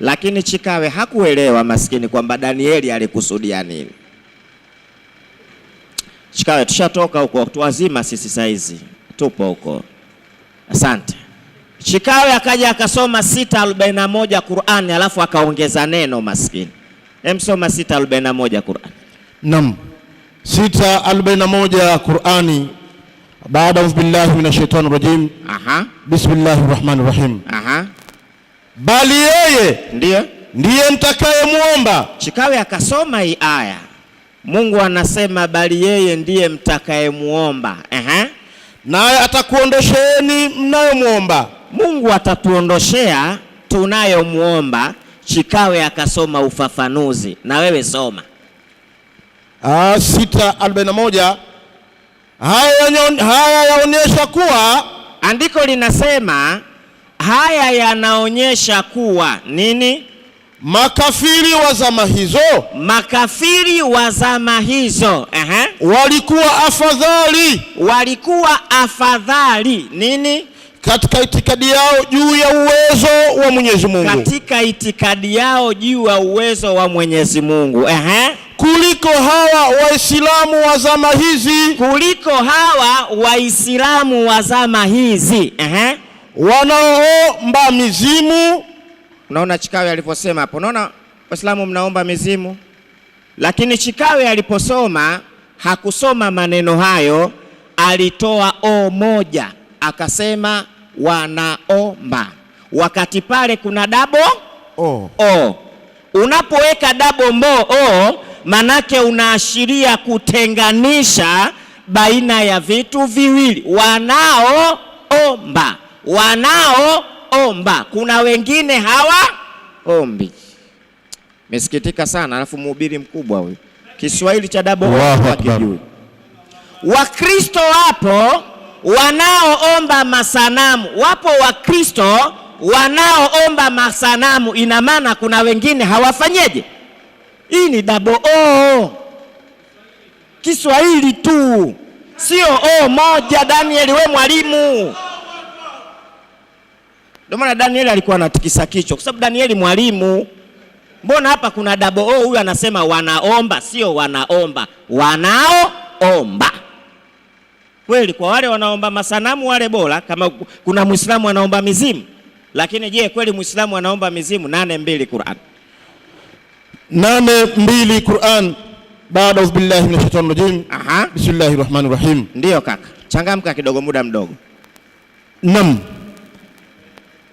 Lakini Chikawe hakuelewa maskini kwamba Danieli alikusudia nini. Chikawe, tushatoka huko, tuwazima sisi saizi, tupo huko. Asante. Chikawe akaja akasoma 6:41 Qur'ani, alafu akaongeza neno maskini. Emsoma 6:41 Qur'ani. Naam. 6:41 Qur'ani baada billahi minash rajim. Aha. Bismillahir Rahmanir Rahim. Aha bali yeye ndiye ndiye mtakayemwomba. Chikawe akasoma hii aya, Mungu anasema bali yeye ndiye mtakayemwomba. Ehe, naye atakuondosheeni mnayomwomba. Mungu atatuondoshea tunayomwomba. Chikawe akasoma ufafanuzi, na wewe soma 6:41. Ah, haya yaonyesha kuwa andiko linasema Haya yanaonyesha kuwa nini? Makafiri wa zama hizo, makafiri wa zama hizo uh -huh. walikuwa afadhali, walikuwa afadhali nini? katika itikadi yao juu ya uwezo wa Mwenyezi Mungu, katika itikadi yao juu ya uwezo wa Mwenyezi Mungu uh -huh. kuliko hawa Waislamu wa zama hizi, kuliko hawa Waislamu wa zama hizi uh -huh wanaoomba mizimu. Unaona Chikawe aliposema hapo, unaona Waislamu mnaomba mizimu, lakini Chikawe aliposoma hakusoma maneno hayo, alitoa o moja akasema wanaomba, wakati pale kuna dabo o, o. Unapoweka dabo mo o, manake unaashiria kutenganisha baina ya vitu viwili, wanaoomba wanaoomba, kuna wengine hawaombi. Mesikitika sana. Alafu mhubiri mkubwa huyu, Kiswahili cha dabo hakijui. Wakristo wapo wanaoomba masanamu, wapo Wakristo wanaoomba masanamu. Ina maana kuna wengine hawafanyeje? Hii ni dabo o, Kiswahili tu, sio o moja. Daniel, we mwalimu ndio maana Danieli alikuwa anatikisa kichwa, kwa sababu Danieli mwalimu. Mbona hapa kuna double o? Huyu anasema wanaomba, sio wanaomba, wanaoomba. Kweli kwa wale wanaomba masanamu wale bora, kama kuna Muislamu anaomba mizimu. Lakini je, kweli Muislamu anaomba mizimu? nane mbili Qur'an, nane mbili Qur'an. Baada billahi minash shaitani rajim. Aha, bismillahir rahmanir rahim. Ndiyo kaka, changamka kidogo, muda mdogo. Naam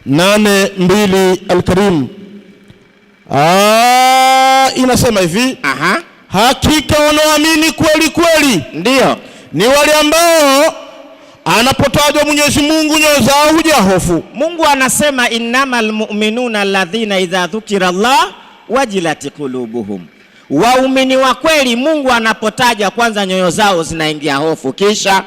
nane mbili Alkarim ah, inasema hivi aha, hakika wanaoamini kweli kweli ndio ni wale ambao anapotajwa Mwenyezi Mungu nyoyo zao huja hofu. Mungu anasema innamal mu'minuna alladhina idha dhukira Allah wajilat qulubuhum, waumini wa kweli Mungu anapotaja kwanza nyoyo zao zinaingia hofu, kisha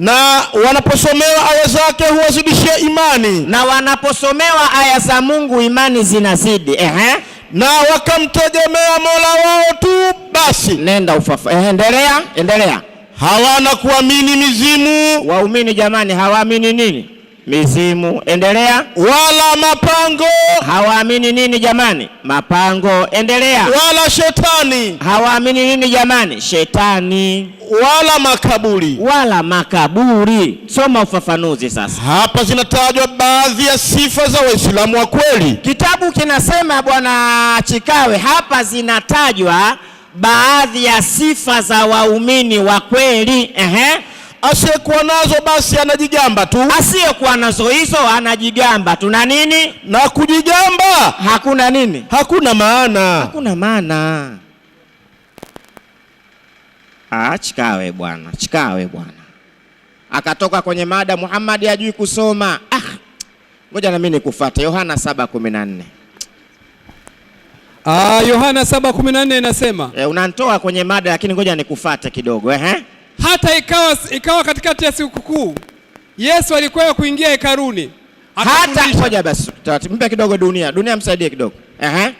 na wanaposomewa aya zake huwazidishia imani, na wanaposomewa aya za Mungu imani zinazidi. Ehe, na wakamtegemea Mola wao tu basi. Nenda ufafa. Ehe, endelea, endelea. Hawana kuamini mizimu. Waumini jamani, hawaamini nini? mizimu. Endelea. Wala mapango hawaamini nini jamani? Mapango. Endelea. Wala shetani hawaamini nini jamani? Shetani. Wala makaburi. Wala makaburi. Soma ufafanuzi sasa. Hapa zinatajwa baadhi ya sifa za Waislamu wa kweli. Kitabu kinasema Bwana Chikawe, hapa zinatajwa baadhi ya sifa za waumini wa kweli. Ehe. Asiyekuwa nazo basi anajigamba tu. Asiyekuwa nazo hizo anajigamba tu. Na nini? Na kujigamba hakuna nini? Hakuna maana, hakuna maana. Ah, chikawe bwana, chikawe bwana, akatoka kwenye mada Muhammad hajui kusoma. Ah, ngoja na mimi nikufuate Yohana 7:14. Ah, Yohana 7:14 inasema eh, unanitoa kwenye mada lakini ngoja nikufuate kidogo eh. eh? hata ikawa, ikawa katikati ya sikukuu Yesu alikwenda kuingia hekaruni hata moja. Basi taratibu mpe kidogo, dunia dunia, msaidie kidogo. Ehe,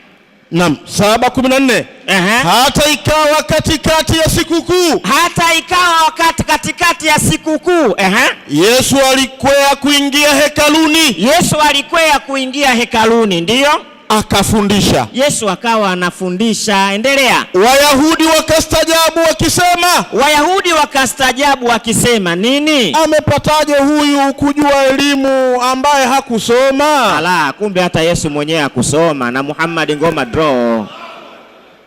naam, saba kumi na nne. Ehe, hata ikawa katikati ya sikukuu, hata ikawa wakati katikati ya sikukuu. -huh. Yesu alikwea kuingia hekaluni, Yesu alikwea kuingia hekaluni, ndiyo akafundisha Yesu akawa anafundisha. Endelea. Wayahudi wakastajabu wakisema, Wayahudi wakastajabu akisema nini? Amepataje huyu kujua elimu ambaye hakusoma? Ala, kumbe hata Yesu mwenyewe hakusoma na Muhammad ngoma draw.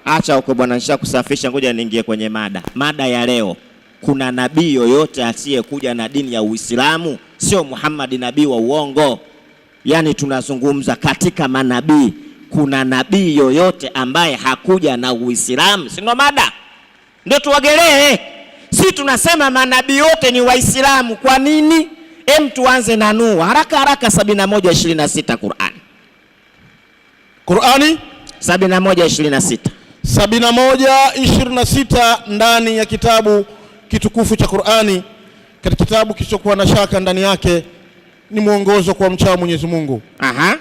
Acha huko bwana, nisha kusafisha, ngoja niingie kwenye mada. Mada ya leo, kuna nabii yoyote asiyekuja na dini ya Uislamu? Sio Muhammad nabii wa uongo. Yaani tunazungumza katika manabii, kuna nabii yoyote ambaye hakuja na Uislamu? sino mada, ndio tuwagelee si tunasema manabii wote ni Waislamu. Kwa nini? Em, tuanze na Nuhu haraka haraka, 71:26 Qur'ani, Qur'ani 71:26 71:26 ndani ya kitabu kitukufu cha Qur'ani, katika kitabu kisichokuwa na shaka ndani yake, ni mwongozo kwa mchao Mwenyezi Mungu. Aha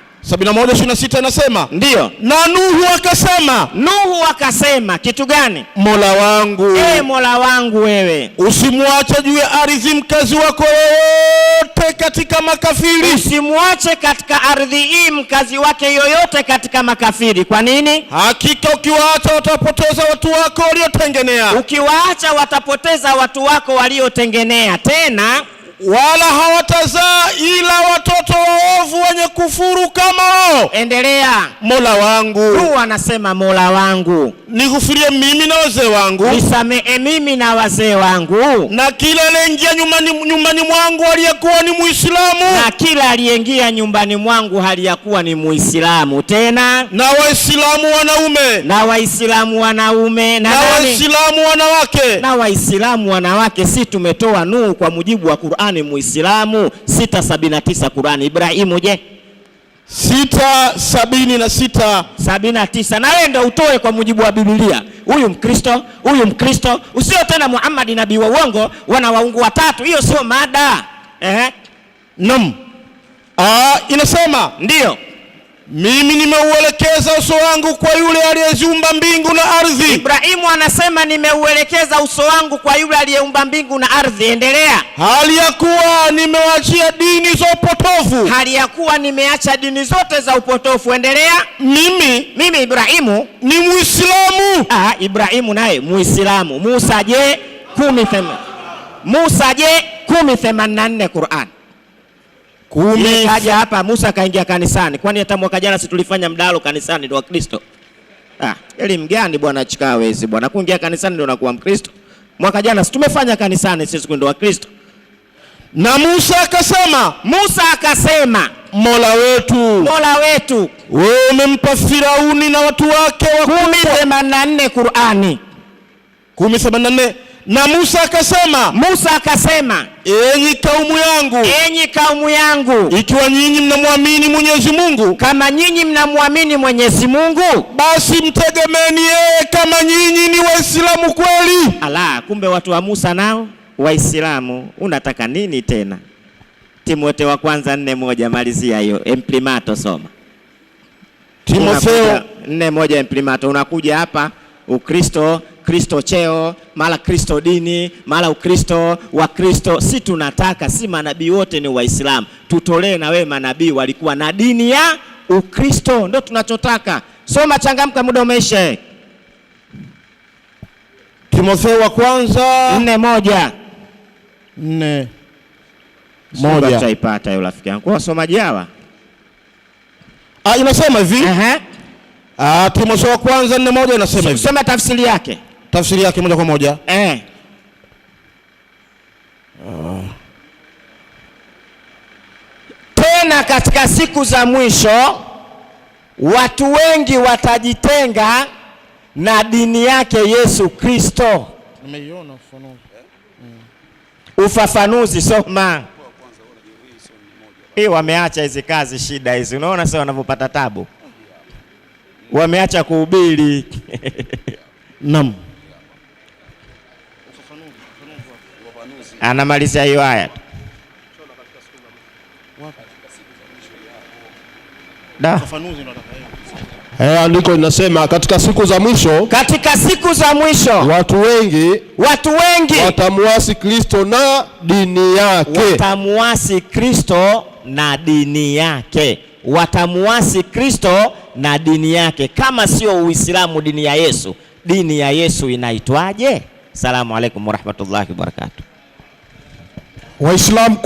sita inasema ndiyo, na Nuhu akasema. Nuhu akasema kitu gani? Mola wangu, e Mola wangu, wewe usimwache juu ya ardhi mkazi wako yoyote katika makafiri. Usimwache katika ardhi hii mkazi wake yoyote katika makafiri. Kwa nini? Hakika ukiwaacha watapoteza watu wako waliotengenea. Ukiwaacha watapoteza watu wako waliotengenea. Tena wala hawatazaa ila watoto waovu wenye kufuru kama wao. Endelea. Mola wangu tu anasema, Mola wangu nighufurie mimi na wazee wangu, nisamehe mimi na wazee wangu, na kila aliyeingia nyumbani, nyumbani mwangu aliyekuwa ni Muislamu, na kila aliyeingia nyumbani mwangu haliyakuwa ni Muislamu tena, na Waislamu wanaume na Waislamu wanaume na Waislamu wanawake na Waislamu wanawake. Si tumetoa nuru kwa mujibu wa Qur'an ni Muislamu. 679 Qurani. Ibrahimu je? 676 79. Na wewe ndio utoe kwa mujibu wa Biblia, huyu Mkristo, huyu Mkristo usio tena Muhammad nabii wa uongo, wana waungu watatu. Hiyo sio mada Ehe. Nom. Ah, inasema ndio mimi nimeuelekeza uso wangu kwa yule aliyeziumba mbingu na ardhi. Ibrahimu anasema nimeuelekeza uso wangu kwa yule aliyeumba mbingu na ardhi. Endelea. Hali ya kuwa nimewachia dini za upotofu. Hali ya kuwa nimeacha dini zote za upotofu. Endelea. Mimi, mimi Ibrahimu ni Muislamu. Ah, Ibrahimu naye Muislamu. Musa je? 10 Musa je? 10:84 Qur'an kuume kaja hapa, Musa kaingia kanisani. Kwani hata mwaka jana si tulifanya mdalo kanisani ndio Wakristo? Ah, elimu gani bwana chikawe hizi bwana, kuingia kanisani ndio unakuwa Mkristo? Mwaka jana si tumefanya kanisani sisi ndio kristo Na Musa akasema, Musa akasema, Mola wetu, Mola wetu, wewe umempa Firauni na watu wake wa 10:84 Qur'ani 10:84 na Musa akasema, Musa akasema, enyi kaumu yangu, enyi kaumu yangu, ikiwa nyinyi mnamwamini Mwenyezi Mungu, kama nyinyi mnamwamini Mwenyezi Mungu, basi mtegemeni yeye kama nyinyi ni Waislamu kweli. Ala, kumbe watu wa Musa nao Waislamu. Unataka nini tena? Timotheo wa kwanza nne moja, malizia hiyo Emprimato, soma Timotheo nne moja Emprimato. Unakuja hapa Ukristo Kristo cheo, mara Kristo dini, mara Ukristo wa Kristo. Si tunataka si manabii wote ni Waislamu, tutolee na wewe manabii walikuwa na dini ya Ukristo, ndio tunachotaka. Soma Changamka, muda umeisha. Timotheo wa kwanza nne moja nne moja taipata hiyo rafiki yangu kwa wasomaji hawa ah, inasema hivi. Ah, Timotheo wa kwanza nne moja inasema hivi, Sema tafsiri yake tafsiri yake moja kwa moja eh. Uh. Tena katika siku za mwisho watu wengi watajitenga na dini yake Yesu Kristo. Nimeiona ufafanuzi. Mm. Eh. Ufafanuzi soma. Hii wameacha hizi kazi shida hizi, unaona sasa wanavyopata tabu, wameacha kuhubiri. Naam. anamalizia hiyo aya tu eh, andiko linasema katika siku za mwisho, katika siku za mwisho watu wengi, watu wengi watamuasi Kristo na dini yake, watamuasi Kristo na dini yake, watamuasi Kristo na dini yake. Kama sio Uislamu, dini ya Yesu, dini ya Yesu inaitwaje? Salamu alaikum warahmatullahi wabarakatuh. Waislamu